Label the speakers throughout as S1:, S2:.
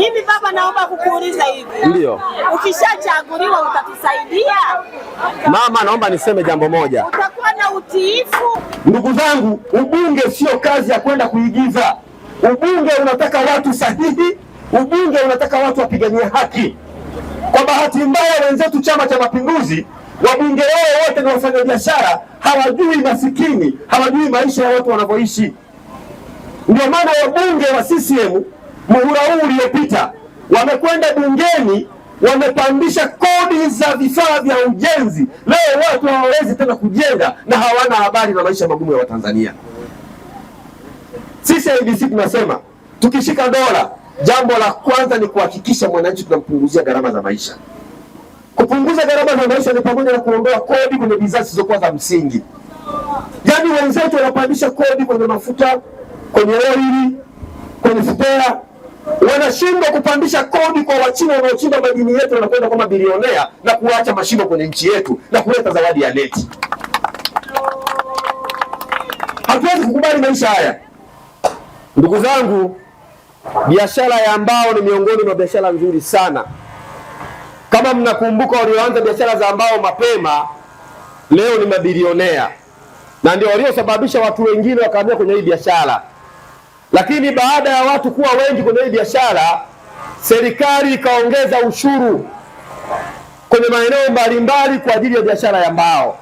S1: Mimi baba, naomba kukuuliza hivi, ndio ukishachaguliwa utatusaidia?
S2: Mama, naomba niseme jambo moja,
S1: utakuwa na utiifu?
S2: Ndugu zangu, ubunge sio kazi ya kwenda kuigiza. Ubunge unataka watu sahihi, ubunge unataka watu wapiganie haki. Kwa bahati mbaya, wenzetu Chama cha Mapinduzi, wabunge wao wote ni wafanyabiashara, hawajui masikini, hawajui maisha ya watu wanavyoishi. Ndio maana wabunge wa CCM muhula huu uliopita, wamekwenda bungeni wamepandisha kodi za vifaa vya ujenzi. Leo watu hawawezi tena kujenga na hawana habari na maisha magumu ya Watanzania. Sisi IBC tunasema tukishika dola, jambo la kwanza ni kuhakikisha mwananchi tunampunguzia gharama za maisha. Kupunguza gharama za maisha ni pamoja na kuondoa kodi kwenye bidhaa zisizokuwa za msingi. Yaani wenzetu wanapandisha kodi kwenye mafuta, kwenye oili, kwenye spare wanashindwa kupandisha kodi kwa Wachina wanaochimba madini yetu, wanakwenda kama bilionea na kuacha mashimo kwenye nchi yetu na kuleta zawadi ya neti. Hatuwezi kukubali maisha haya, ndugu zangu. Biashara ya mbao ni miongoni mwa biashara nzuri sana. Kama mnakumbuka, walioanza biashara za mbao mapema leo ni mabilionea, na ndio waliosababisha watu wengine wakaamia kwenye hii biashara. Lakini baada ya watu kuwa wengi kwenye hii biashara, serikali ikaongeza ushuru kwenye maeneo mbalimbali kwa ajili ya biashara ya mbao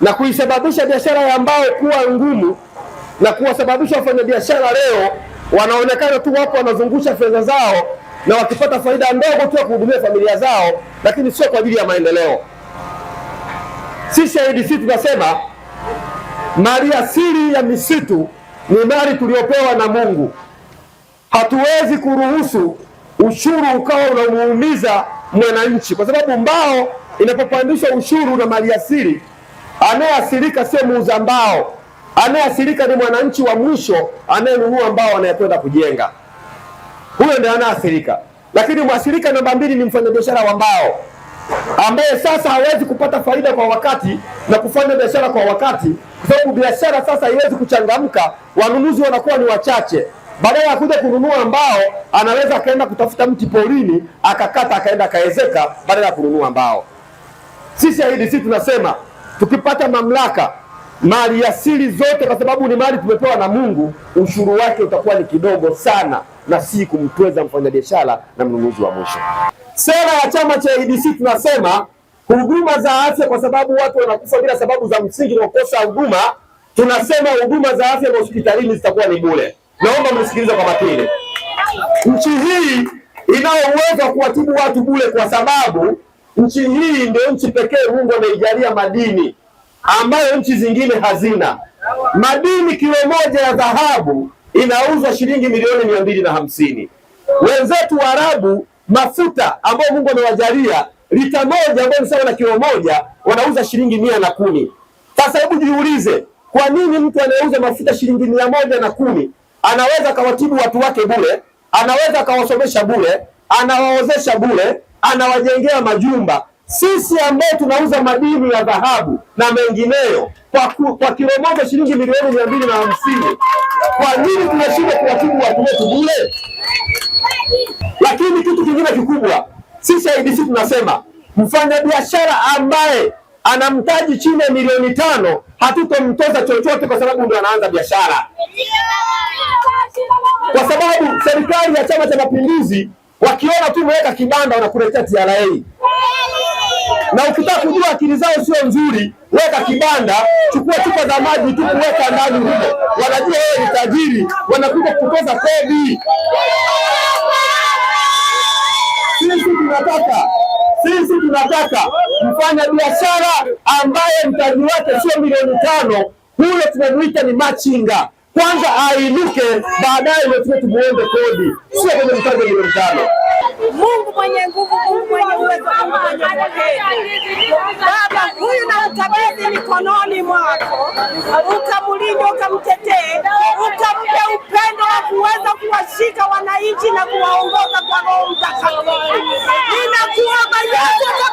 S2: na kuisababisha biashara ya mbao kuwa ngumu na kuwasababisha wafanyabiashara leo wanaonekana tu wapo wanazungusha fedha zao na wakipata faida ndogo tu ya kuhudumia familia zao, lakini sio kwa ajili ya maendeleo. Sisi ADC tunasema mali asili ya misitu ni mali tuliyopewa na Mungu. Hatuwezi kuruhusu ushuru ukawa unamuumiza mwananchi, kwa sababu mbao inapopandishwa ushuru na maliasili, anayeasilika sio muuza mbao, anayeasilika ni mwananchi wa mwisho anayenunua mbao anayekwenda kujenga, huyo ndiye anayeasilika. Lakini mwasilika namba mbili ni mfanyabiashara wa mbao ambaye sasa hawezi kupata faida kwa wakati na kufanya biashara kwa wakati, kwa sababu biashara sasa haiwezi kuchangamka, wanunuzi wanakuwa ni wachache. Badala ya kuja kununua mbao anaweza akaenda kutafuta mti porini akakata akaenda akaezeka, badala ya kununua mbao. Sisi sisi tunasema tukipata mamlaka mali asili zote, kwa sababu ni mali tumepewa na Mungu, ushuru wake utakuwa ni kidogo sana, na si kumtweza mfanyabiashara na mnunuzi wa mwisho. Sera ya chama cha ADC tunasema huduma za afya, kwa sababu watu wanakufa bila sababu za msingi na kukosa huduma. Tunasema huduma za afya na hospitalini zitakuwa ni bure. Naomba mnisikilize kwa makini. Nchi hii inayo uwezo wa kuwatibu watu bure, kwa sababu nchi hii ndio nchi pekee Mungu ameijalia madini ambayo nchi zingine hazina. Madini kilo moja ya dhahabu inauzwa shilingi milioni mia mbili na hamsini. Wenzetu Waarabu mafuta ambayo Mungu amewajalia lita moja ambayo ni sawa na kilo moja wanauza shilingi mia na kumi. Sasa hebu jiulize, kwa nini mtu anayeuza mafuta shilingi mia moja na kumi anaweza akawatibu watu wake bure, anaweza akawasomesha bure, anawaozesha bure, anawajengea majumba? Sisi ambao tunauza madini ya dhahabu na mengineyo kwa, kwa kilo moja shilingi milioni mia mbili na hamsini, kwa nini tunashindwa kuwatibu watu wetu bure? kubwa. Sisi IDC tunasema mfanyabiashara ambaye ana mtaji chini ya milioni tano hatutomtoza chochote, kwa sababu ndio anaanza biashara, kwa sababu serikali ya Chama cha Mapinduzi wakiona tu umeweka kibanda wanakuletea TRA na ukitaka kujua akili zao sio nzuri, weka kibanda, chukua chupa za maji tu kuweka ndani huko, wanajua wewe ni tajiri, wanakuja kutoza kodi tunataka sisi tunataka mfanya biashara ambaye mtaji wake sio milioni tano, huyo tunamuita ni machinga. Kwanza ainuke, baadaye ndio tumuombe kodi, sio kwenye mtaji wa milioni tano.
S1: Mungu mwenye nguvu, Mungu mwenye uwezo, Baba, huyu na utabezi mikononi mwako, utamlinda, ukamtetee, ukampe upendo wa kuweza kuwashika wananchi na kuwaongoza kwa Roho Mtakatifu. Yeah.